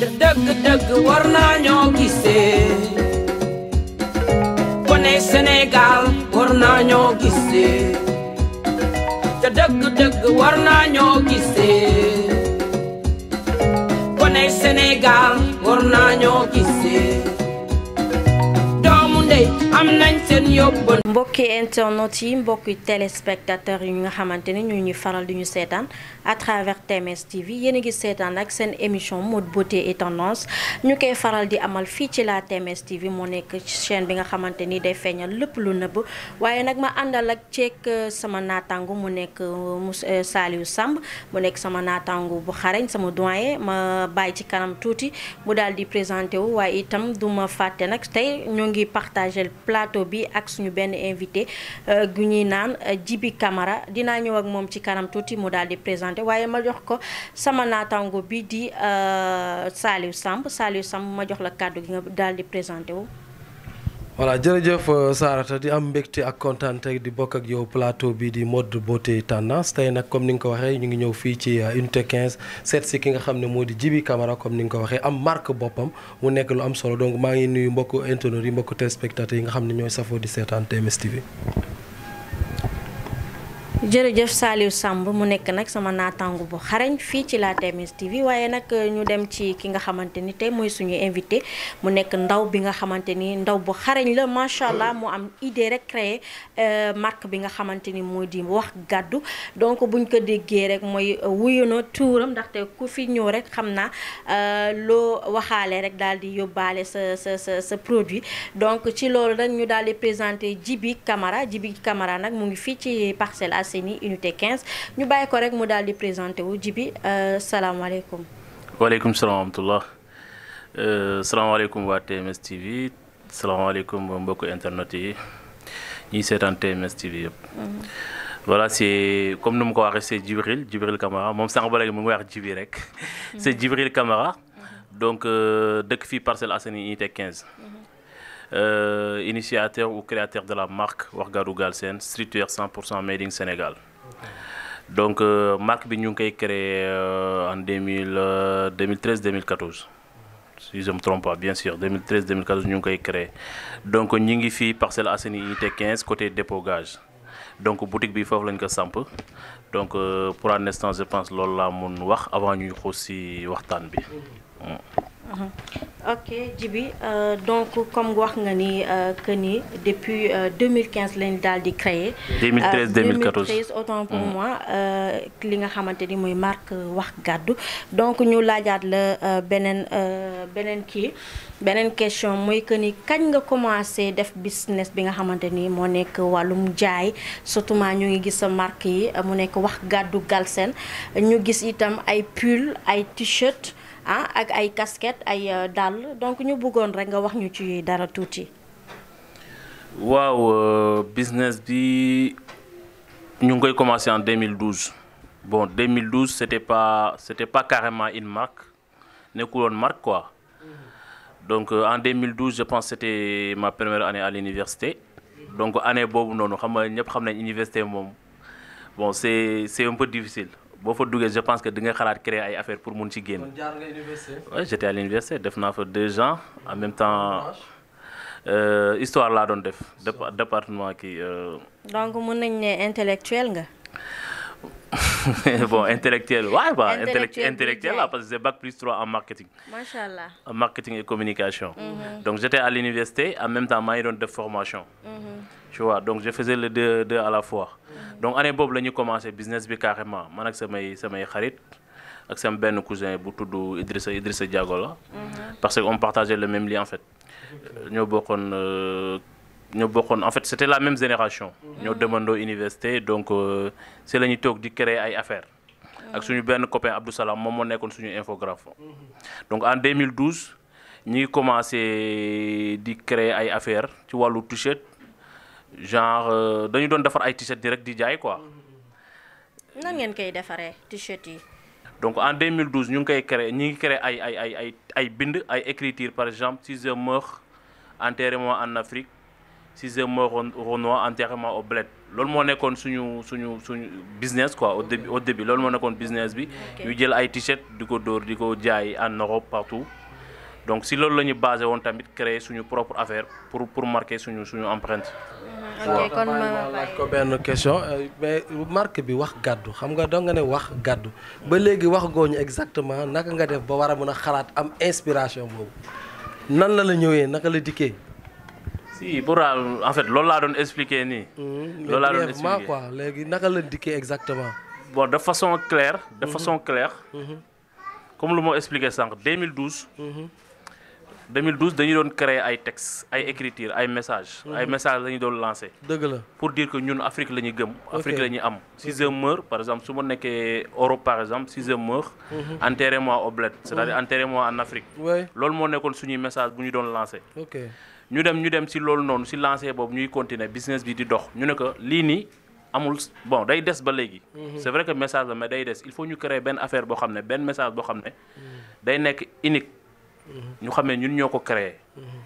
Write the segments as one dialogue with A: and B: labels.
A: te dëgg-dëgg war naa ñoo gisee kone Sénégal war naa ñoo gisee te dëgg-dëgg war naa ñoo gisee kone Sénégal war naa ñoo gisee am nañ seen yóbbal mbokki internet yi mbokki téléspectateur yi nga xamante ne ñu ñuy faral di ñu seetaan à travers TMS TV yéen a ngi seetaan ak seen émission mode beauté et ñu koy faral di amal fii ci la TMS TV moo nekk chaine bi nga xamante ni day feeñal lépp lu nëbb waaye nag ma àndal ak ceek euh, sama naataango mu nekk euh, euh, Saliou Samb mu nekk sama naataango bu xarañ sama doyen ma bàyyi ci kanam tuuti mu daal di présenté wu waaye itam du ma fàtte nag tey ñoo ngi partagé plateau bi ak suñu benn invité euh, gu ñuy naan euh, jibi Camara dinaa ñëw ak moom ci kanam tuuti mu daal di présenté waaye ma jox ko sama naataango bi di euh, Saliou samp Saliou Samb ma jox la kàddu gi nga daal di présenté wu.
B: voilà jërëjëf euh, Sarata di am mbégte ak kontaan di bokk ak yow plateau bi di mode beauté tendance tey nag comme ni nga ko waxee ñu ngi ñëw fii ci euh, unité 15 seet si ki nga xam ne moo di jibi Camara comme ni nga ko waxee am marque boppam mu nekk lu am solo donc maa ngi nuyu mbokku internautes yi mbokku téléspectateurs yi nga xam ne ñooy safoo di seetaan TMS TV
A: jërëjëf Saliou Samb mu nekk nag sama naataangu bu xarañ fii ci la TMS TV waaye nag euh, ñu dem ci ki nga xamante ni tey mooy suñu invité mu nekk ndaw bi nga xamante ni ndaw bu xarañ la macha allah mu am idée rek créé euh, marque bi nga xamante ni moo di wax gàddu donc buñ ko déggee rek mooy euh, wuyu na tuuram ndaxte ku fi ñëw rek xam naa loo waxaale rek daal di yóbbaale sa sa sa sa produit donc ci loolu nag ñu daal di présenté Djiby Camara Djiby Camara nag mu ngi fii ci Parcelles Assainies unité 15 ñu bàyyi ko rek mu daal di présenté wu Djibi euh, salaamaaleykum.
C: waaleykum salaam wa rahmatulah euh, salaamaaleykum waa TMS TV salaamaaleykum mbokku internet yi ñuy seetaan TMS TV yëpp. Mm-hmm. voilà c'est comme ni mu ko waxee c'est Djibril Djibril Camara moom sànq ba léegi mu ngi wax Djibi rek mm-hmm. c'est Djibril Camara mm-hmm. donc euh, dëkk fii Parcelles Assainies unité 15. Euh, initiateur ou créateur de la marque Wax Gadou Galsen streetwear 100% made in Sénégal donc euh, marque bi ñu ngi koy créé euh, en 2000 2013 2014 si je me trompe pas bien sûr 2013 2014 ñu ngi koy créé donc ñu ngi fii Parcelles Assainies unité 15 côté dépôt gage donc boutique bi foofu lañ ko samp donc pour l'instant je pense loolu laa mun wax avant ñuy xuus si waxtaan bi.
A: Mm. Uh-huh. ok Djibi euh, donc comme wax nga ni euh, que ni depuis 2015 euh, lañ daal di créer 2013 2014 2013 pour mm. moi li nga xamante ni muy marque wax gàddu donc ñu laajaat la beneen beneen kii beneen question muy que ni kañ nga commencé def business bi nga xamante ni moo nekk wàllum jaay surtout ñu ngi gis sa marque yi mu nekk wax gàddu Galsen ñu gis itam ay pull ay t-shirt. ah ak ay casquette ay euh, dàll donc ñu bëggoon rek nga wax ñu ci dara tuuti.
C: waaw euh, business bi ñu ngi koy commencé en 2012 bon 2012 c'était pas c'était pas carrément une marque nekkul woon marque quoi donc euh, en 2012 je pense c'était ma première année à l'université donc année boobu noonu xam nga ñëpp xam nañ université moom bon c'est c'est un peu difficile. boo fa duggee je pense que dinga xalaat créer ay affaire pour mun ci génn. kon jaar nga université. oui à l'université def naa fa deux ans en même temps euh, histoire laa doon def. département kii. Euh,
A: donc mun nañ ne intellectuel nga.
C: bon intellectuel waaw waaw intellectuel waaw parce que c'est bac plus 3 en marketing. macha allah en marketing et communication. Mhm. donc maa ngi doon def formation. Mhm. tu vois donc je faisais les deux deux à la fois. Mhm. donc année boobu la ñu commencé business bi carrément man ak samay samay xarit ak sama benn cousin bu tudd Idrissa Idrissa Diago la. parce que on partageait le même lien en fait. ñoo bokkoon. Euh, ñoo bokkoon en fait c' était la même génération. ñoo demandoo université donc euh, si la ñuy toog di créer ay affaires. ak suñu benn copain Abdou Salam moom moo nekkoon suñu infographe. donc en 2012 ñi ngi commencé di créer ay affaires ci wàllu t-shirt genre euh, dañu doon defar ay t-shirt di di jaay quoi.
A: nan ngeen koy defaree t-shirt yi.
C: donc en 2012 ñu ngi koy créé ñu ngi créé ay ay ay ay ay bind ay écriture par exemple si je meurs enterrez en Afrique. sixième mooy Renoir enterrement au bled loolu moo nekkoon suñu suñu suñu business quoi au début au début loolu moo nekkoon business bi ñu jël ay t-shirt di ko dóor di ko jaay en Europe partout donc si loolu la ñu basé woon tamit créer suñu propre affaire pour pour marquer suñu suñu
B: empreinte. Mm-hmm. ok kon euh, question euh, mais marque bi wax gàddu xam nga doo nga ne wax gàddu ba léegi wax gooñu exactement naka nga def ba war a mën a xalaat am inspiration boobu nan la la ñëwee naka la dikkee.
C: si pour en fait loolu laa doon expliquer nii. Mm, loolu laa doon expliquer quoi
B: léegi naka la dikkee exactement.
C: bon de façon claire. de mm-hmm. façon claire. Mm-hmm. comme lu ma expliqué sànq 2012. 2012 dañu doon créer ay textes ay écriture ay messages. Mhm. ay messages la ñu doon lancé. dëgg la pour dire que ñun Afrique la ñu gëm. Afrique la am. si je par exemple su ma nekkee Europe par exemple si je meurs. Mhm. enterrez-moi au bled. c'est-à-dire enterrez en Afrique. loolu moo nekkoon suñuy message bu ñu doon lancé. ok ñu dem ñu dem si loolu noonu si lancé boobu ñuy continuer business bi di dox ñu ne que lii nii. amul bon day des ba léegi. Mhm. c'est vrai que message la mais day des il faut ñu créer benn affaire xam ne benn message boo xam ne. ñu xam ne ñun ñoo ko créé.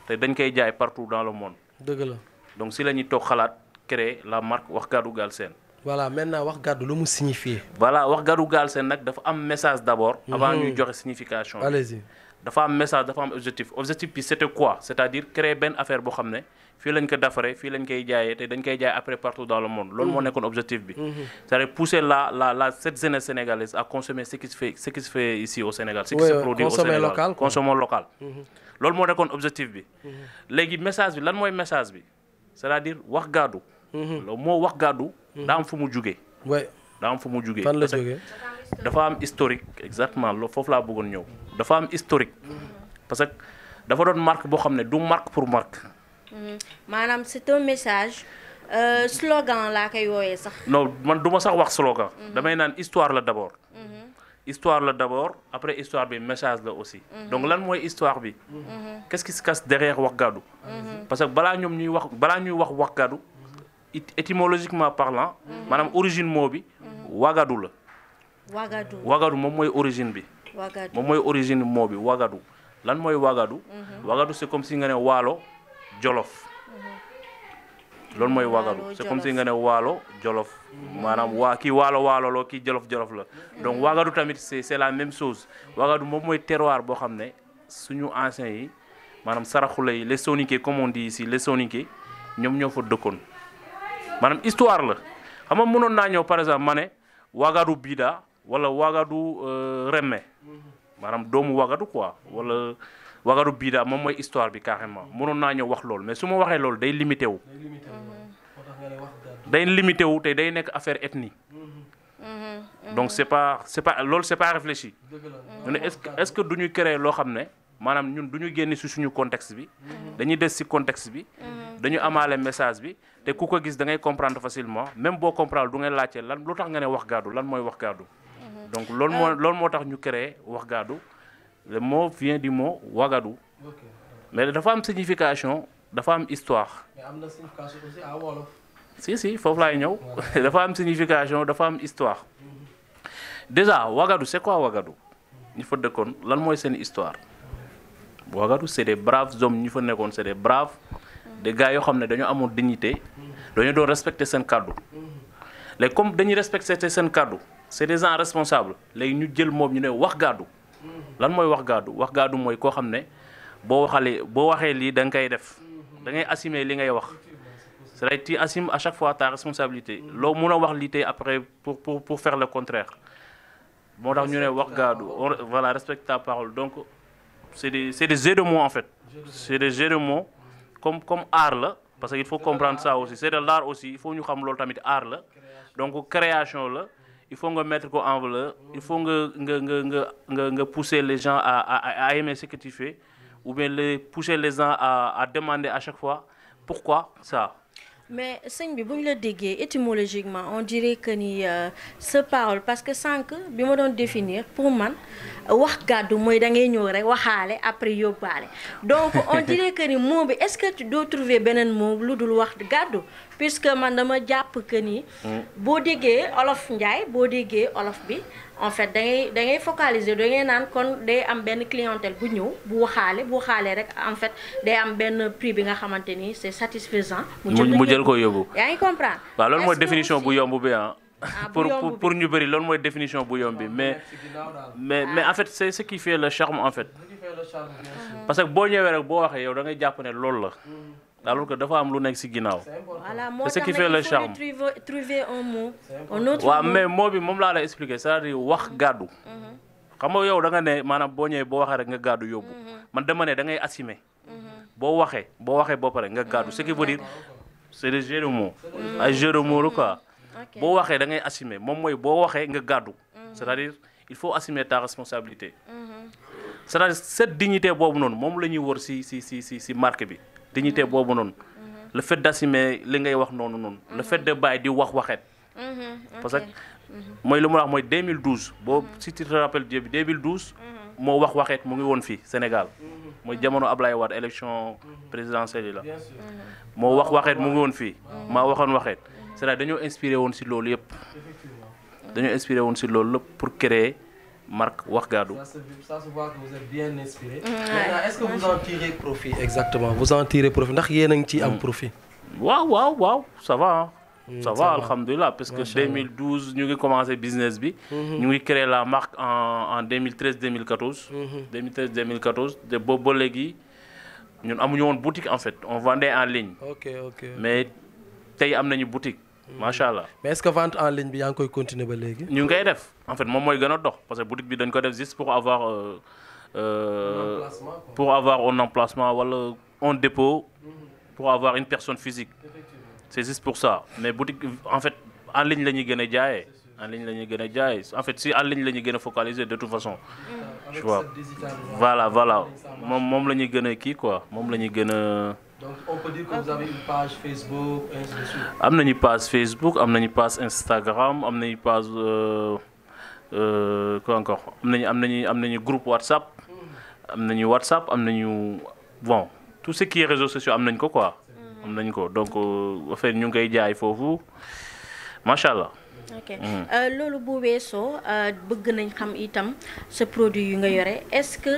C: te dañ koy jaay partout dans le monde. dëgg la donc si la ñuy toog xalaat créer la marque Wax Gaddu Galsen.
B: voilà maintenant Wax Gaddu lu mu signifie.
C: voilà Wax Gaddu Galsen nag dafa am message d' abord. avant ñuy mhm. joxe signification. allez-y dafa am message dafa am objectif objectif bi c' était quoi c' est à dire créer benn affaire boo xam ne. fii lañ ko defaree fii lañ koy jaayee te dañ koy jaay après partout dans le monde loolu moo mhm. nekkoon objectif bi mhm. cest pousser la la la cette jeunesse sénégalaise à consommer ce qui se fait ce qui se fait ici au Sénégal ce qui se produit au Sénégal consommer local mhm. loolu moo nekkoon objectif bi léegi message bi lan mooy message bi c'est-à-dire wax gaadu moo wax gaadu daa am fu mu jugee daa am fu mu jugee dafa am historique parce que dafa doon
A: Mm-hmm. maanaam c'est un message euh, slogan laa koy wooyee sax.
C: non man du ma sax wax slogan. Mm-hmm. damay naan histoire la d'abord. Mm-hmm. histoire la d'abord après histoire bi message la aussi. donc lan mooy histoire bi. qu'est-ce qui se cache derrière parce que balaa ñoom ñuy wax balaa ñuy wax Wax Gadou. étymologiquement parlant. maanaam origine moo bi. Wagadu la. Wagadu Wagadu moom mooy origine bi.
A: Wagadu moom mooy
C: origine moo bi Wagadu. lan mooy Wagadu. Wagadu c'est comme si nga ne waalo. jolof loolu mooy wagaru c'est comme si nga ne waalo jolof maanaam waa kii waalo waalo loo kii jolof jolof la donc wagaru tamit c'est c'est la même chose wagaru moom mooy terroir boo xam ne suñu anciens yi maanaam saraxule yi les soninké comme on dit ici les soninké ñoom ñoo fa dëkkoon maanaam histoire la xam nga mënoon naa ñëw par exemple ma ne wagaru bida wala wagaru euh, remme maanaam doomu wagadu quoi wala wagadu bii daal moom mooy histoire bi carrément mënoon naa ñëw wax lool mais su ma waxee loolu day limité wu. day limité wu te day nekk affaire ethnie.
B: Mm-hmm. donc c' est
C: pas c' est pas loolu c' est pas réfléchi.
B: Mm-hmm. ñu ne
C: est que est du ñu créer loo xam ne maanaam ñun du ñu génn si suñu contexte bi. Mm-hmm. dañuy des si contexte bi. dañu amaale message bi te ku ko gis da ngay comprendre facilement même boo comprendre du ngay laajte lan lu tax nga ne wax gaadu lan mooy wax
B: donc loolu moo euh.
C: loolu moo tax ñu créé Waxgaadu le mot vient du mot Wagadu mais dafa am signification dafa am histoire.
B: am na signification
C: si si foofu laay ñëw dafa am signification dafa am histoire déjà Wagadu c'est quoi Wagadu ñu fa dëkkoon lan mooy seen histoire Wagadu c'est des braves hommes ñu fa nekkoon c'est des braves des gars yoo xam ne dañoo amoon dignité dañoo doon respecter seen kàddu. Mm. léegi comme dañuy respecté seen kàddu c'est des gens responsables léegi ñu jël moom ñu ne wax gàddu lan mooy wax gàddu wax gàddu mooy koo xam ne boo waxalee boo waxee lii da nga koy def dangay ngay assumer li ngay wax c'est-à-dire tu à chaque fois ta responsabilité loo mun a wax lii tey après pour pour pour faire le contraire moo tax ñu ne wax gàddu voilà respecte ta parole donc c'est des c'est des jeux de mots en fait c'est des jeux de mots comme comme art la parce que il faut comprendre ça aussi c'est de l'art aussi il faut ñu xam loolu tamit art la donc création la il faut nga mettre ko en valeur il faut nga nga nga nga nga nga pousser les gens à à à aimer ce que tu fais ou bien les pousser les gens à demander à chaque fois pourquoi ça
A: mais sëñ bi bu ñu la déggee étimologiquement on dirait que ni euh, sa parole parce que sànq bi ma doon définir pour man wax gàddu mooy da ngay ñëw rek waxaale après yóbbaale donc on dirait que ni mot bi est-ce que tu doo trouver beneen moom lu dul wax gàddu puisque man dama jàpp que nii boo déggee olof njaay boo déggee olof bi en fait da ngay da ngay focaliser da ngay naan kon day am benn clientèle bu ñëw bu waxaale bu waxaalee rek en fait day am benn prix bi nga xamante ni c'est satisfaisant. mu jël ko yóbbu. yaa ngi comprendre.
C: waaw loolu mooy bu yomb bi ah. pour pour ñu bëri loolu mooy définition bu yomb bi ah, mais mais mais en fait c'est ce qui fait le charme en fait. parce que boo ñëwee rek boo waxee yow da ngay jàpp ne loolu la. Mm. alors que dafa am lu nekk ci ginnaaw.
A: voilà moo tax nag il faut trouver mais
C: mot bi moom laa lay expliquer c'est-à-dire wax mm-hmm. gàddu. Mm-hmm. xam nga yow da nga ne maanaam boo ñëwee boo waxee rek nga gàddu yóbbu. Mm-hmm. man dama ne da ngay assumer. boo waxee boo waxee ba pare nga gàddu ce qui veut dire c'est des jeux de mots. ay jeux boo waxee da ngay assumer moom mooy boo waxee nga gàddu. cest faut assumer ta responsabilité. c'est-à-dire cette boobu noonu moom la ñuy wër ci ci ci ci ci marque bi. dignité boobu noonu le fait d'assumer li ngay wax noonu noonu le fait de bàyyi di wax waxet
D: mm-hmm. parce que mm-hmm. mooy lu
C: mu wax mooy mille 2012 boo si tu te rappelles bi 2012 mm-hmm. moo wax waxet mu ngi woon fii Sénégal mooy jamono Ablaye Wade élection présidentielle la moo wax waxet mu ngi woon fii maa waxoon waxet cest dañoo inspiré woon si loolu yëpp dañoo inspiré woon si loolu lépp pour créer Marc Wargado.
B: Ça, ça se voit que vous êtes bien inspiré. Maintenant, est-ce que vous en tirez profit exactement vous en tirez profit ndax yéen a ngi ciy am mm. profit.
D: waaw waaw waaw
C: ça va mm, ça va alhamdulilah parce que 2012 ñu ngi commencé business bi. Mm-hmm. ñu ngi créé la marque en en 2013 2014. 2013 2014 te boobu ba léegi ñun amuñu woon boutique en fait on vendait en ligne. ok ok mais tey am nañu boutique. macha allah
B: mais est-ce que vente en ligne bi yaa ngi koy continuer ba léegi. ñu ngi koy def
C: en fait moom mooy gën a dox parce que boutique bi dañ ko def juste pour avoir euh, euh, pour avoir un emplacement wala un dépôt pour avoir une personne physique c'est juste pour ça mais boutique en fait en ligne la ñuy gën a jaayee. en ligne la ñuy gën a jaay en fait si en ligne la ñuy gën a focaliser de toute façon. voilà voilà moom moom la ñuy gën a kii quoi moom la ñuy gën a.
B: donc on peut dire que vous avez une page Facebook ainsi
C: am nañu page Facebook am nañu page Instagram am nañu page euh, euh, quoi am nañu am nañu am nañu groupe WhatsApp. Mm. am nañu WhatsApp am nañu bon tout ce qui est réseaux sociaux am nañ ko quoi. Mm. am nañ ko donc euh, affaire ñu ngi koy jaay foofu macha allah.
A: ok mm. loolu bu weesoo bëgg nañ xam itam sa produit yu nga yore est-ce que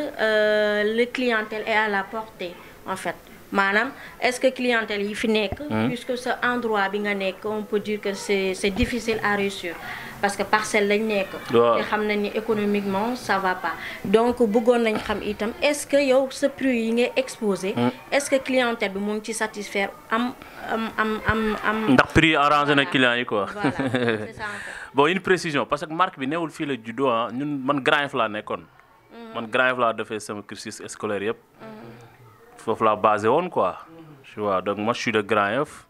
A: le clientèle est à la portée en fait. maanaam est-ce que clientèle yi fi nekk. puisque sa endroit bi nga nekk on peut dire que c'est c'est difficile à réussir parce que parcelle lañ nekk. te xam nañ ni économiquement ça va pas donc bëggoon nañ xam itam est-ce que yow sa prix yi ngay exposé. est-ce que clientèle bi mu ngi ci satisfaire am am am am am. ndax
C: prix arrangé na client yi quoi. voilà c'est ça bon une précision parce que marque bi newul fii la juddoo ah, ñun man Grand Yoff laa nekkoon.
A: Mm-hmm.
C: man Grand Yoff laa defee sama cursus yëpp. Mm-hmm. foofu la basé woon quoi tu vois donc de Grand Yoff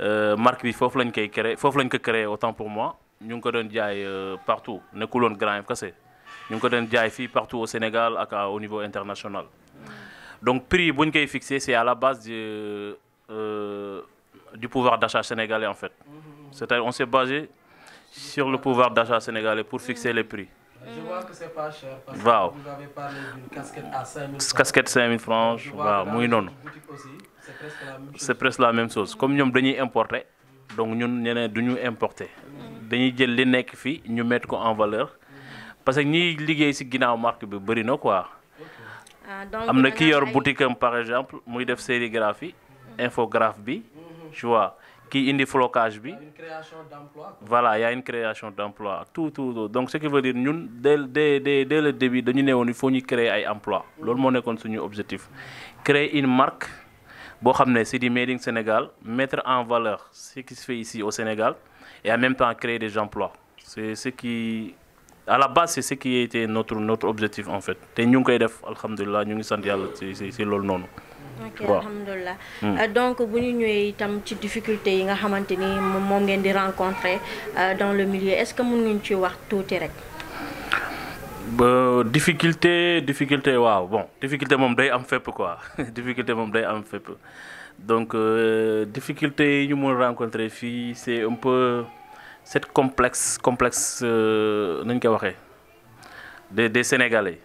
C: euh, marque bi foofu lañ koy créé foofu lañ ko créé autant pour moi ñu ngi ko doon jaay euh, partout nekkul woon Grand Yoff kese ñu ngi ko doon jaay fii partout au Sénégal ak au niveau international donc prix bu ñu koy fixé c'est à la base de euh, du pouvoir d'achat sénégalais en fait c'est-à-dire on s'est basé sur le pouvoir d'achat sénégalais pour fixer les prix
B: Je vois que waaw. que vous avez parlé à 5000 francs.
C: Casquette 5000 francs waaw mu noonu. C'est presque la même chose. comme ñoom dañuy importer donc ñun ñeneen du ñu importer dañuy jël li nekk fii ñu mettre ko en valeur parce que ñiy liggéey ci ginnaaw marque bi bëri na quoi.
A: Ah, am na ki yor boutique
C: par exemple muy def sérigraphie mm-hmm. infographe bi tu qui indi flocage bi. voilà y a une création d'emploi tout tout tout donc ce qui veut dire ñun dès dès dès dès le début dañu ne woon il faut ñu créer ay emploi loolu moo nekkoon suñu objectif créer une marque boo xam ne c'est du made Sénégal mettre en valeur ce qui se fait ici au Sénégal et en même temps créer des emplois c'est ce qui à la base c'est ce qui était notre notre objectif en fait te ñu ngi koy def alhamdulilah ñu ngi sant yàlla ci ci ci loolu noonu.
A: ok alhamdulilah hmm. euh, donc bu ñu ñëwee itam ci difficulté yi nga xamante ni moom ngeen di rencontrer euh, dans le milieu est-ce que mën ngeen ci wax tuuti rek.
C: ba difficulté difficulté waaw bon difficulté moom day am fépp quoi difficulté moom day am fépp donc euh, difficulté yi ñu mën rencontrer fii c'est un peu cette complexe complexe nañ koy waxee des des Sénégalais.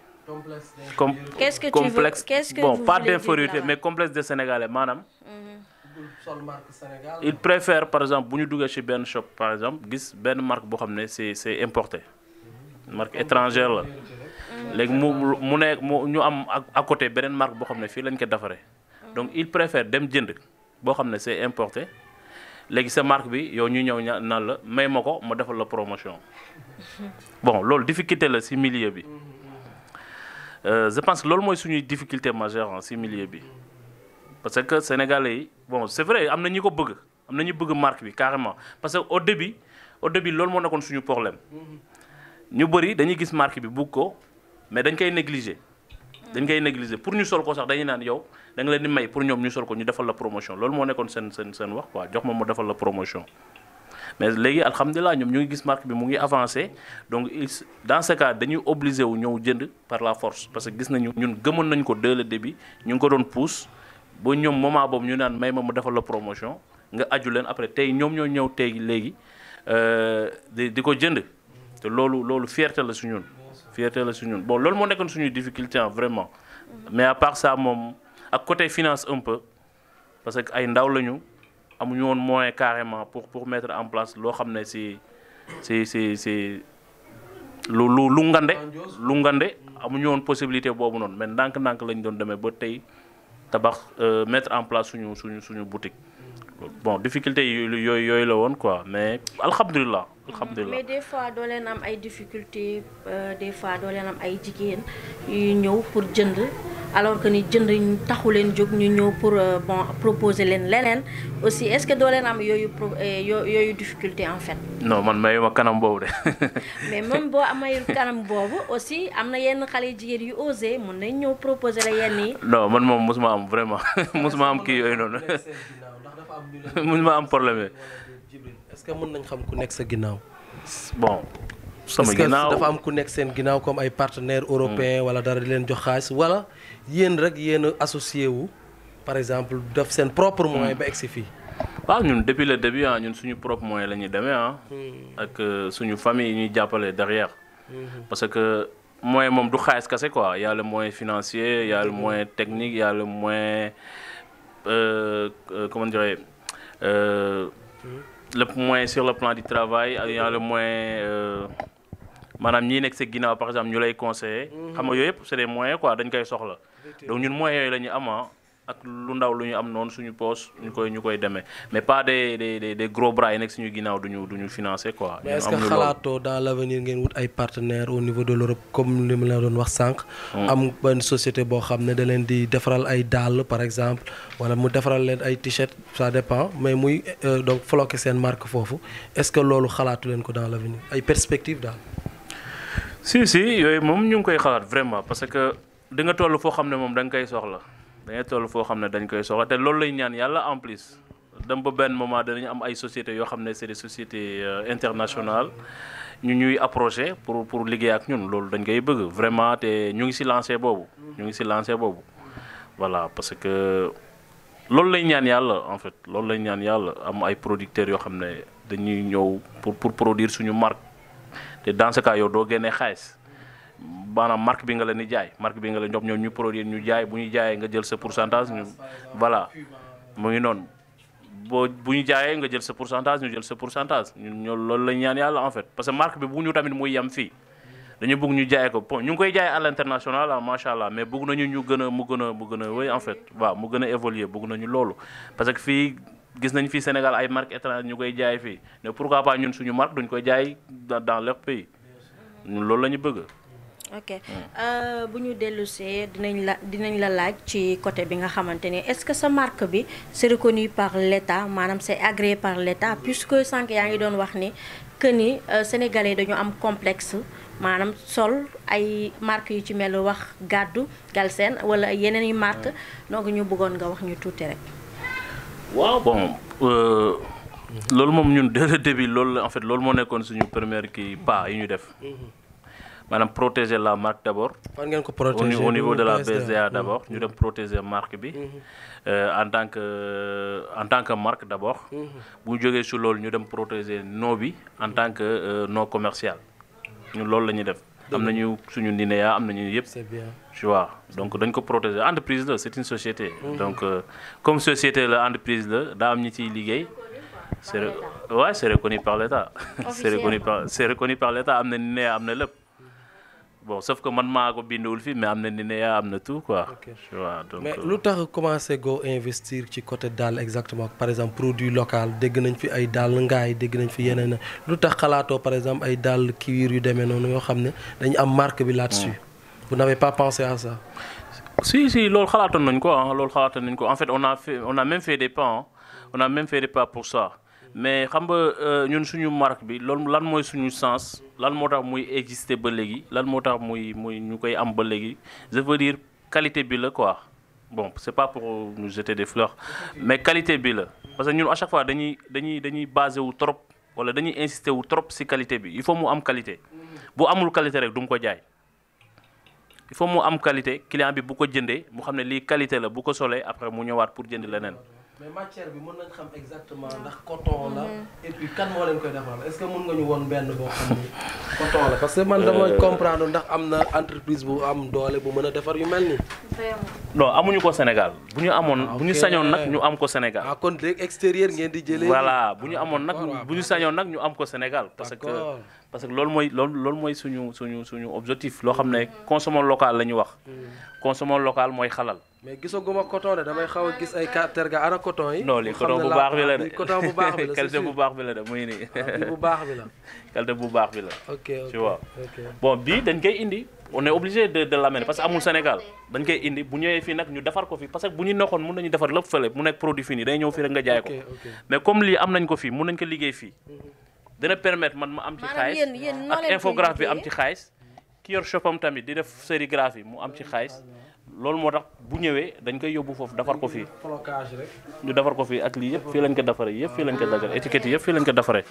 C: Com
A: qu'est-ce que
B: complexe qu'est-ce que bon vous pas d'infériorité mais
C: complexe de sénégalais maanaam.
B: Mm-hmm.
C: il préfère par exemple bu ñu duggee ci benn shop par exemple gis benn marque boo xam ne c'est c'est importé mm-hmm. marque étrangère la
D: mm-hmm. léegi mu
C: mu ne mu ñu am ak côté beneen marque boo xam ne fii lañ ko defaree donc il préfère dem jënd boo xam ne c'est importé léegi sa marque bi yow ñu ñëw ña naan la may ma ko ma defal la promotion bon loolu difficulté la ci milieu bi. Euh, je pense que loolu mooy suñuy difficulté majeure si milieu bi parce que sénégalais yi bon c'est vrai am na ñi ko bëgg am na ñu bëgg marque bi carrément parce que au début au début loolu moo nekkoon suñu problème ñu bëri dañuy gis marque bi bëgg ko mais dañ koy négliger dañ koy négliger pour ñu sol ko sax dañuy naan yow da leen di may pour ñoom ñu sol ko ñu defal la promotion loolu moo nekkoon seen seen seen wax quoi jox ma ma defal la promotion mais léegi alhamdulilah ñoom ñu ngi gis marque bi mu ngi avancé donc dans ce cas dañuy obligé wu ñëw jënd par la force parce que gis nañu ñun gëmoon nañ ko dès le début ñu ngi ko doon pousse ba ñoom moment boobu ñu naan may ma mu defal la promotion nga aju leen après tey ñoom ñoo ñëw tey léegi euh, di di ko jënd te loolu loolu fierté la su ñun fierté la su ñun boo loolu moo nekkoon suñuy difficulté vraiment mais à part ça moom ak côté finance un peu parce que ay ndaw lañu amuñu woon moyen carrément pour pour mettre en place loo xam ne si si si si lu lu lu ngande lu ngande amuñu woon possibilité boobu noonu mais ndànk-ndànk lañ doon demee ba tey tabax euh, mettre en place suñu suñu suñu boutique bon difficulté yooyu yooyu la woon quoi mais alxamdulillah alhamdulilah mais
A: des fois doo leen am ay difficultés euh, des fois doo leen am ay jigéen yu ñëw pour jënd. alors que ni jënd taxu leen jóg ñu ñëw pour euh, bon proposer leen leneen aussi est-ce que doo leen am yooyu pro euh, yooyu difficulté en fait.
C: non man mayuma kanam boobu de.
A: mais même boo amee kanam boobu aussi am na yenn xale jigéen yu osé mun nañ ñëw proposer la yenn yi.
C: non man moom mosuma am vraiment mosuma am kii yooyu noonu. mosuma am problème
B: est-ce que mun nañ xam ku nekk sa ginnaaw. bon. sama ginnaaw que dafa am ku nekk seen ginnaaw comme ay partenaires hmm. européens wala dara di leen jox xaalis wala. yéen rek yéen a wu par exemple def seen propre hmm. moyen ba egsi fii.
C: waaw ñun depuis le début ah ñun suñu propre moyen lañuy ñuy demee ah. Hmm. ak euh, suñu famille yi ñuy jàppale derrière. Hmm. parce que moyen moom du xaalis kese quoi y a moyen financier y a le moyen technique y a le moyen euh, euh comment dirais euh, moyen sur le plan du travail y a le moyen euh, maanaam ñii nekk sa ginnaaw par exemple ñu lay conseiller. xam nga yooyu yëpp c'est des moyens quoi dañ koy soxla. donc ñun moyens yooyu la ñu am ah, ak lu ndaw lu ñu am noonu suñu poche ñu koy ñu koy demee mais pas des des des gros bras yi nekk suñu ginnaaw duñu du ñu financer quoi. mais est-ce que xalaatoo
B: dans l'avenir ngeen wut ay partenaires au niveau de l'Europe comme li ma la doon wax sànq. Hmm. am benn société boo xam ne da leen di defaral ay daal par exemple wala mu defaral leen ay t-shirt ça dépend mais muy euh, donc floquer seen marque foofu est-ce que loolu xalaatu leen ko dans l'avenir ay perspectives daal.
C: si si di nga toll foo xam ne moom da nga koy soxla da nga toll foo xam ne dañ koy soxla te loolu lay ñaan yàlla en plus dem ba benn moment danañu am ay sociétés yoo xam ne c'est des sociétés euh, ñu ñuy approché pour pour liggéey ak ñun loolu dañ koy bëgg vraiment te ñu ngi ci lancé boobu. ñu ngi ci lancé boobu voilà parce que loolu lay ñaan yàlla en fait loolu lay ñaan yàlla am ay producteurs yoo xam ne dañuy ñëw pour pour produire suñu marque te dans ce yow doo génnee xaalis. maanaam marque bi nga leen di jaay marque bi nga la ñoom ñoom ñu produire ñu jaay bu ñu jaayee nga jël sa pourcentage ñu voilà mu ngi noonu boo bu ñu jaayee nga jël sa pourcentage ñu jël sa pourcentage ñun ñoo loolu lañ ñaan yàlla en fait parce que marque bi bu ñu tamit muy yem fii dañu bëgg ñu jaay ko bon ñu ngi koy jaay à l'international ah macha allah mais ñu gën a mu gën a mu gën a wéy en bëgg nañu loolu parce que fii gis nañ fii Sénégal ay marque étrangère ñu koy jaay fii mais pourquoi pas suñu marque duñ koy jaay dans leur pays loolu la ñu bëgg
A: ok mm. euh, bu ñu dellusee dinañ la dinañ la laaj ci côté bi nga xamante ne est-ce que sa marque bi c'est reconnu par l'État maanaam c'est agréé par l'État puisque sànq yaa ngi doon wax ni que ni euh, sénégalais dañu am complexe maanaam sol ay marques yu ci mel wax gàddu Galsen wala yeneen i marque mm. donc ñu bëggoon nga wax ñu tuuti rek.
C: waaw bon euh, loolu moom ñun dès le début loolu la en fait loolu moo nekkoon suñu première kii pas yi ñu def. Mm-hmm. maanaam protéger la marque d' abord.
B: fan ngeen ko protéger au niveau de la BSDA d'
C: mm-hmm. ñu dem protéger marque bi. Mm-hmm. Euh, en tant que en tant que marque d' abord. Mm-hmm. bu ñu jógee si loolu ñu dem protéger nom bi en tant que euh, nom commercial ñun loolu la ñuy def. am nañu suñu NINEA am nañu yëpp. c'est bien tu donc dañ ko protéger entreprise la c'est une société. donc euh, comme société la entreprise la daa am ñi ciy liggéey. c'est reconnu par l'État c'est reconnu par c'est reconnu par l'État am na NINEA am na lépp. bon sauf que man maa ko bindul fii mais am na Ninea am na tout quoi.
D: ok waaw donc
C: mais euh,
B: lu tax commencé go investir ci côté daal exactement par exemple produit local dégg nañ fi ay daal ngaay dégg nañ fi yeneen lu tax xalaatoo par exemple ay daal kiwiir yu demee noonu yoo xam ne dañu am marque bi là-dessus. Hmm. vous n'avez pas pensé à ça.
C: loolu xalaatoon nañ ko ah loolu xalaatoon nañ ko en fait on a fait a même fait des pas a même fait pour ça. mais xam nga euh, ñun suñu marque bi loolu lan mooy suñu sens lan moo tax muy exister ba léegi lan moo tax muy muy ñu koy am ba léegi je veux dire qualité bi la quoi bon c'est pas pour nous jeter des fleurs mais qualité bi la parce que ñun à chaque fois dañuy dañuy dañuy basé wu trop wala dañuy insister wu trop ci qualité bi il faut mu am qualité bu amul qualité rek du mu ko jaay il faut mu am qualité client bi bu ko jëndee mu xam ne lii qualité la bu ko solee après mu ñëwaat pour jënd leneen
B: mais matière bi mën nañ xam exactement ndax coton la. Mm-hmm. et puis kan moo leen koy defal est-ce que mën nga ñu woon benn boo xam parce que man dama euh. comprendre ndax am na entreprise bu am doole bu mën a defar yu mel nii.
C: non amuñu ko Sénégal bu ñu amoon ah, bu ñu sañoon nag ñu am ko Sénégal. Ah, kon léegi extérieur ngeen di jëlee. bu ñu amoon nag bu ñu sañoon nag ñu am ko Sénégal. parce que parce que loolu mooy loolu loolu mooy suñu suñu suñu objectif loo xam ne mm-hmm. consommation locale la ñu wax. Mm-hmm. consommation locale mooy xalal.
B: mais gisaguma coton de damay xaw a gis ay caractère ga ana coton yi. non li coton bu baax bi la de coton ah, bu baax bi la qualité
C: bu de muy nii. bu baax bi la. qualité bu baax bi la. ok ok bii dañ koy indi. on est obligé de de l'amener parce que amul Sénégal dañ koy indi bu ñëwee fii nag ñu defar ko fii parce que bu ñu nekkoon mun nañu defar lépp fële mu nekk produit fini day ñëw fii nga jaay ko. mais comme lii am nañ ko fii mun nañ ko liggéey fii. Mhm. dina permettre man ma am ci xaalis ak bi am ci xaalis ki yor shopam tamit di def sérigraphie mu am ci xaalis loolu moo tax bu ñëwee dañ koy yóbbu foofu defar ko fii. flocage rek. ñu defar ko fii ak lii yëpp fii lañ ko defaree yëpp fii lañ ko defaree étiquette yëpp fii lañ ko defaree.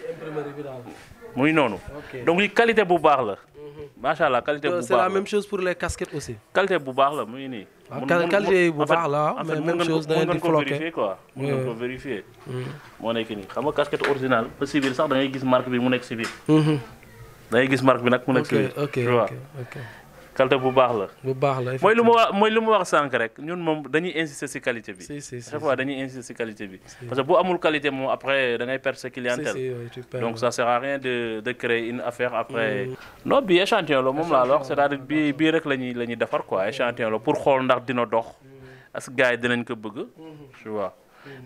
C: muy noonu. donc li qualité bu baax la. Mhm. macha allah qualité bu euh, baax la c'est la même chose pour les casquettes aussi. qualité bu baax la muy nii. waaw ah, qualité bu baax la mais même chose da ngeen di floqué quoi mun ngeen ko mhm. vérifier mhm. moo nekk nii xam nga casquette originale ba sax da gis marque bi mu nekk si biir. gis marque bi
B: nag mu nekk si biir.
C: qualité bu baax la. bu baax mooy lu ma wax mooy lu ma wax sànq rek ñun moom dañuy insister si qualité bi. si si fois dañuy insister si qualité bi. parce que bu amul qualité moom après da ngay perdre sa clientèle. donc ça sert rien de de créer une affaire après. Mm. non bii échantillon la moom laa la wax c'est-à-dire rek la defar quoi mm. échantillon la pour xool ndax dina dox. as mm. gars yi dinañ ko bëgg.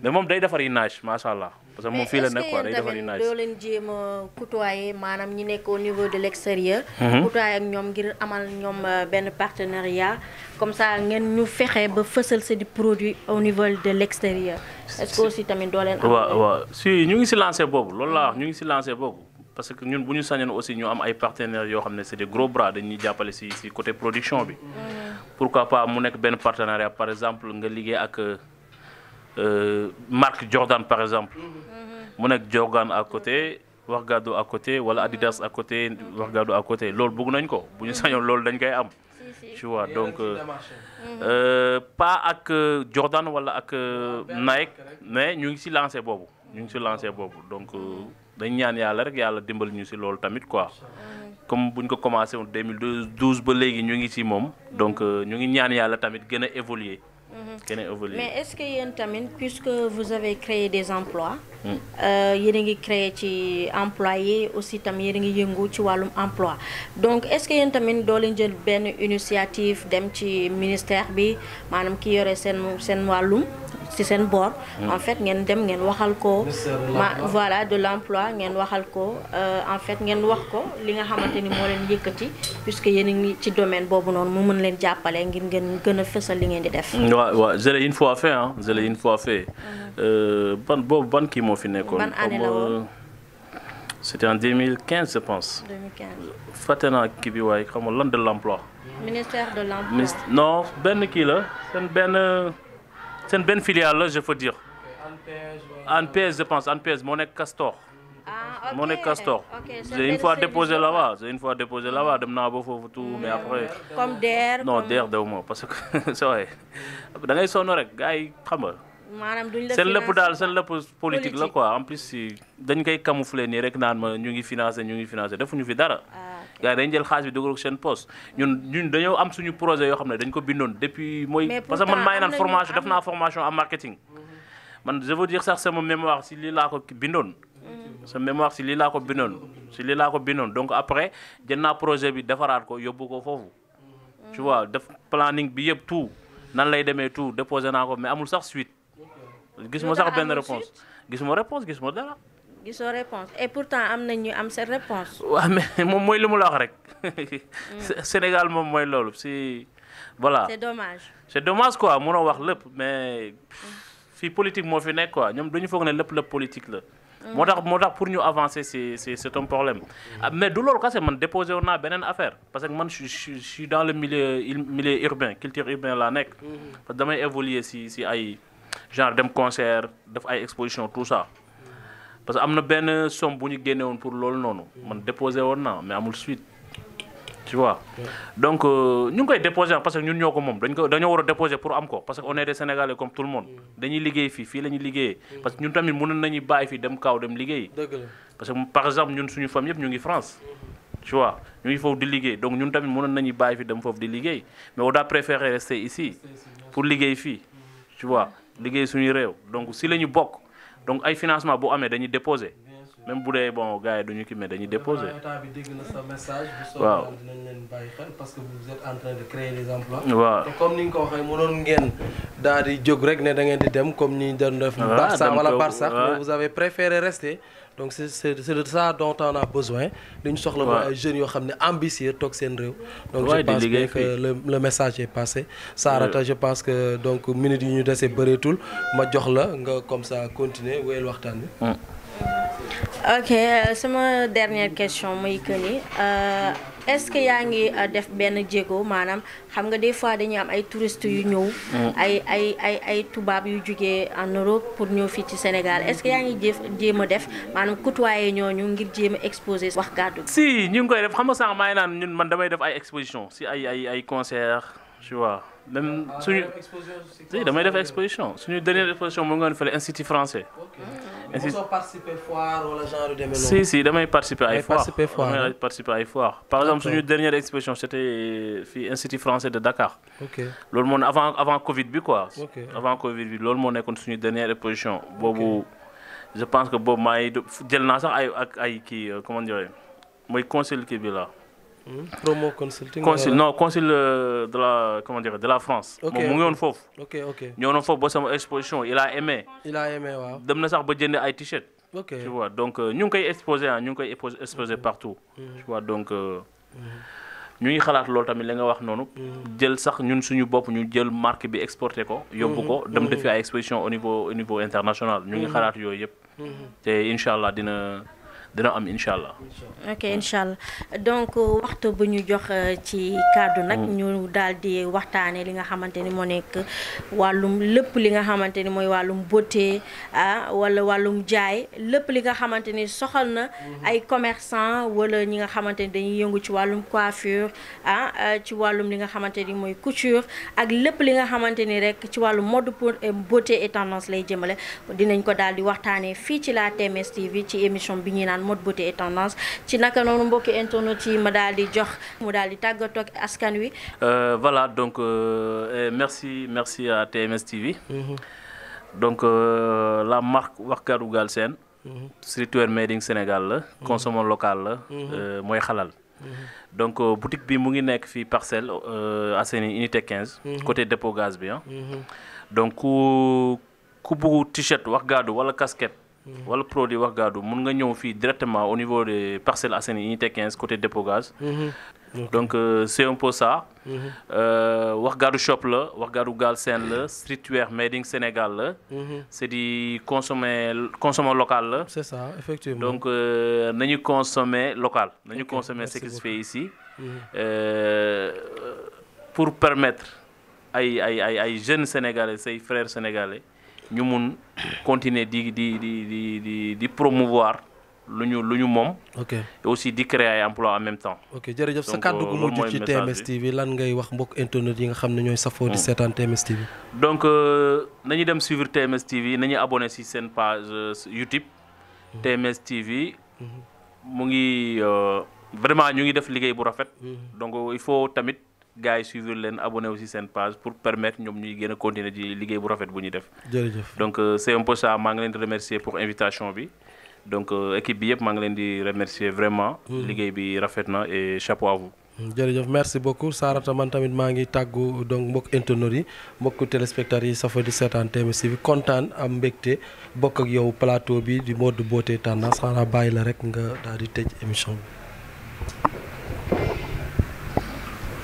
C: mais moom day defar image macha allah. parce que moom fii la nekk day defar image mais est-ce que doo leen
A: jéem a maanaam ñi nekk au niveau de l'extérieur. Mm-hmm. côtoyer ak ñoom ngir amal ñoom euh, benn partenariat comme ça ngeen ñu fexe ba fësal seen di produit au niveau de l'extérieur est-ce que aussi tamit doo leen. am
C: ñu ngi si lancé boobu loolu laa wax ñu ngi si lancé boobu. parce que ñun bu ñu sañoon aussi ñu am ay partenaires yoo xam ne c'est des gros bras dañuy jàppale ci ci côté production bi.
D: Mm-hmm.
C: pourquoi pas mu nekk benn partenariat par exemple nga liggéey ak. Euh, Euh, marque Jordan par exemple mu nekk Jordan ak côté wax gàddu ak côté wala Adidas ak côté wax gàddu à côté loolu bëgg nañ ko bu ñu sañoo loolu dañ koy am tu vois donc euh, mhm. euh, pas ak Jordan wala ak Nike mais ñu ngi ci lancé boobu ñu ngi ci lancé boobu donc dañ ñaan yàlla rek yàlla dimbali ñu ci loolu tamit quoi mhm. comme bu ñu ko commencé woon 2012 ba léegi ñu ngi ci moom donc ñu ngi ñaan yàlla tamit gën a évoluer Mhm. kenn mais
A: est-ce que yen tamit puisque vous avez créé des emplois hmm. euh, yéen a ngi créé ci yi aussi tam yéen a ngi yëngu ci wàllum emplois donc est-ce que yéen tamit doole leen jël benn initiative dem ci ministère bi maanaam ki yore seen seen wàllum si seen boor. en fait ngeen dem ngeen waxal ko. ma voilà de l'emploi ngeen waxal ko euh, en fait ngeen wax ko li nga xamante ni moo leen yëkkati puisque yéen a ngi ci domaine boobu noonu mu mën leen jàppale ngir ngeen gën a li ngeen di def. Mm, waaw
C: waaw je l'ai une fois fait ah je une fois fait mm. euh, boobu ban kii moo fi nekkoon. ban année la woon c'était en 2015 je pense.
A: 2015
C: kii bi waaye xam lan de l'emploi. benn kii la seen benn. seen benn filiale la je veux dire. ANPS je moo nekk Castor. ah ok moo nekk Castor. j'ai une fois déposé là-bas j'ai une fois déposé là-bas dem naa ba foofu tout mm. mais après.
A: comme DER non DER
C: dew parce que soo waay da ngay nga.
A: maanaam seen lépp daal
C: seen lépp politique la quoi en plus dañ koy camoufler nii rek naan ma ñu ngi financé ñu ngi financé defuñu fi dara. Ah. gars dañ jël xaalis bi dugal ko seen poste ñun am suñu projet yoo xam ne dañ ko bindoon depuis mooy parce que man maa ngi naan formation def naa formation en marketing man je veux dire sax sama mm. mémoire si lii laa ko bindoon si lii laa ko bindoon donc après jël projet bi defaraat ko yóbbu ko foofu tu mm. vois def planning bi yëpp tout nan lay demee tout déposé naa ko mais amul sax suite gis ma sax benn réponse gis ma réponse dara
A: gisoo réponse et pourtant am na ñu am seen réponse
C: moom mooy li mu la wax rek. Mm. Sénégal moom mooy loolu si voilà. c'est dommage. c'est dommage quoi wax lépp mais mm. fii politique moo fi nekk quoi ñoom dañu foog ne lépp lépp politique la. Mm. moo tax moo tax pour ñu avancer c'est c'est c'est un problème ah, mais du loolu kese man déposé woon naa beneen affaire parce que man je je suis dans le milieu milieu urbain culture urbain laa nekk. parce que damay évoluer si si ay genre dem concert def ay exposition tout ça. parce que am na benn somme bu ñu génne woon pour loolu noonu man déposé woon naa mais amul suite tu vois donc euh, ñu koy déposé parce que ñun ñoo ko moom dañ ko dañoo war a déposé pour am ko parce que on est comme tout le monde dañuy liggéey fii fii la ñuy liggéeyee parce que ñun tamit mënoon nañuy bàyyi fii dem kaaw dem liggéey parce que par exemple ñun suñu famille yëpp ñu ngi France tu vois ñu ngi foofu di liggéey donc ñun tamit mënoon nañuy bàyyi fi dem foofu di a préféré rester ici liggéey fii tu liggéey suñu réew donc si la ñu bokk donc ay financement bu amee dañuy déposé même bu dee bon gars yi duñu kii mais dañuy déposé.
B: état bi dégg na message. waaw bu leen parce que vous êtes waaw comme ni nga ko waxee mënoon ngeen daal di jóg rek ne da ngeen di dem comme ni ñu doon def. waaw ah, dem wala euh, Barça mais vous avez préféré rester. donc c'est c'est de ça dont on besoin li ñu soxla mooy ay jeunes yoo xam ne ambitieux toog seen réew donc je pense que le le message est passé je pense que donc minutes yi ñu desee bëreetul ma jox la nga comme sa continuer wéyal waxtaan bi
A: ok euh, sama dernière question muy que ni euh, est-ce que yaa ngi euh, def benn jéego maanaam xam nga des fois dañuy am ay touristes yu ñëw. Mm. ay ay ay ay tubaab yu jugee en Europe pour ñëw fii ci Sénégal est-ce que yaa ngi jéem jéem a def maanaam côtoyer ñooñu ngir jéem a exposé wax gàddu si ñu ngi koy def xam nga sànq
C: maa ngi naan ñun man damay def ay exposition si ay ay ay concert tu vois. dem ah, suñu si damay def exposition suñu dernière exposition mu ngoon fële institut français. institut
B: ah. mosoo si si damay participer ay foire damay
C: participer ay foire par exemple suñu dernière exposition c' était fii institut français de Dakar. ok loolu moo avant avant Covid bi quoi. avant Covid bi loolu moo nekkoon suñu dernière exposition boobu. je pense que boobu maa ngi jël naa sax ay ak ay kii euh, comment dirais mooy consul ki bi la.
B: Hmm? promo consulting. consul euh, non
C: euh, de la comment dire la France. ok moom mu ngi woon foofu. ñoo ok foofu ba sama exposition il a aimé. il a aimé dem na sax ba jënd ay t-shirt. donc euh, ñu ngi koy exposé ah ñu ngi koy exposé hmm. partout. Hmm. tu vois donc. ñu ngi xalaat loolu tamit li nga wax noonu. jël sax ñun suñu bopp ñu jël marque bi exporté ko. yóbbu ko dem defi ay exposition au niveau au niveau international ñu ngi xalaat yooyu yëpp. te incha allah dina. dina am incha
A: ok incha allah donc waxtu bu ñu jox euh, ci kàddu nag. Mm. ñu daal di waxtaanee li nga xamante ni moo nekk wàllum lépp li nga xamante ni mooy wàllum beauté ah wala wàllum jaay lépp li nga xamante ni soxal na. Mm-hmm. ay commerçant wala ñi nga xamante ni dañuy yëngu ci wàllum coiffure ah euh, ci wàllum li nga xamante ni mooy couture ak lépp li nga xamante ni rek ci wàllum mode pour euh, beauté lay jëmale dinañ ko daal di waxtaanee fii ci la TMS TV ci émission bi ñuy naan. naan mode beauté tendance ci naka noonu mbokki internet yi ma daal di jox mu daal di tàggatoo ak askan wi.
C: Euh, voilà donc euh, merci merci à TMS TV. Mmh. donc euh, la marque Waxkatu Galsen. Mm-hmm. streetwear made in Sénégal la. Mm-hmm. consommation locale la. Mm-hmm. Euh, mooy xalal. donc euh, bi mu ngi nekk fii parcelle euh, Assainies unité 15. Mm -hmm. côté bi ah. donc ku ku bëgg t-shirt wax gaadu wala casquette. wala produit wax gaadu mun nga ñëw fii directement au niveau des parcelles Assainies unité 15 côté dépôt gaz. Mhm. donc euh, c'est un peu ça. Mhm. Euh, wax gàddu shop la wax gaadu Galsen la mhm. streetwear made in Sénégal la. c'est di consommer locale
B: la. c'est ça donc
C: euh, nañu consommer locale nañu consommer ce qui se fait ici. pour permettre ay ay ay ay jeunes sénégalais say frères sénégalais. ñu mun continuer di di di di di di promouvoir lu ñu lu ñu moom. ok aussi di créer emplois en même temps. ok jërëjëf sa kàddu gu mujj ci TMS
B: TV lan ngay wax mbokk internet yi nga xam ne ñooy safoo di hmm. seetaan TMS TV.
C: donc euh, nañu dem suivre TMS TV nañu abonné si seen page euh, YouTube. Hmm. TMS TV. Hmm. mu ngi euh, vraiment ñu ngi def liggéey bu rafet. donc il faut tamit. gars yi suivre leen abonné aussi seen page pour permettre ñoom ñuy gën a continuer di liggéey bu rafet bu def. jërëjëf donc euh, c'est un maa ngi di remercier pour invitation bi donc euh, équipe bi yëpp maa ngi leen di remercier vraiment. Mm. liggéey bi rafet na et chapeau
B: à mm, jërëjëf merci beaucoup Sarata man tamit maa ngi tàggu donc mbokk internautes yi mbokk téléspectateurs yi safa di seetaan TMS bi kontaan am mbégte mbokk ak yow palato bi di mode beauté tendance xanaa bàyyi la rek nga daal di tëj émission bi.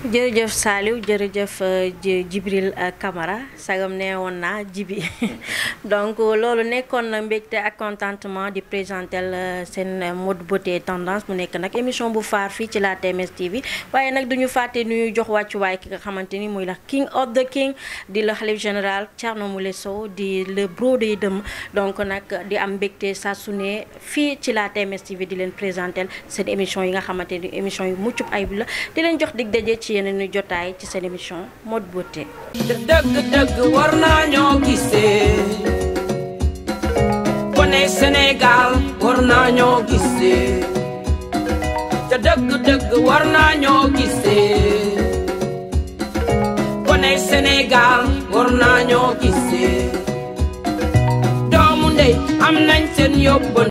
A: jërëjëf Saliou jërëjëf euh, Jibril kamara euh, sagam nee woon naa jibi donc loolu nekkoon na mbégte ak contentement di présenté euh, seen mode beauté tendance mu nekk nag émission bu faar fii ci la TMS TV waaye nag duñu fàtte nuyu jox wàccuwaay ki nga xamante ni muy la king of the king di la xalif général Thierno Sow di le bro de dem donc nag di am mbégte saa su ne fii ci la TMS TV di leen présenté seen émission yi nga xamante ni émission yu muccub ayib ci yeneen i jotaay ci seen émission mode beauté. te dëgg-dëgg war ñoo gisee doomu ndey am nañ seen
D: yóbbu.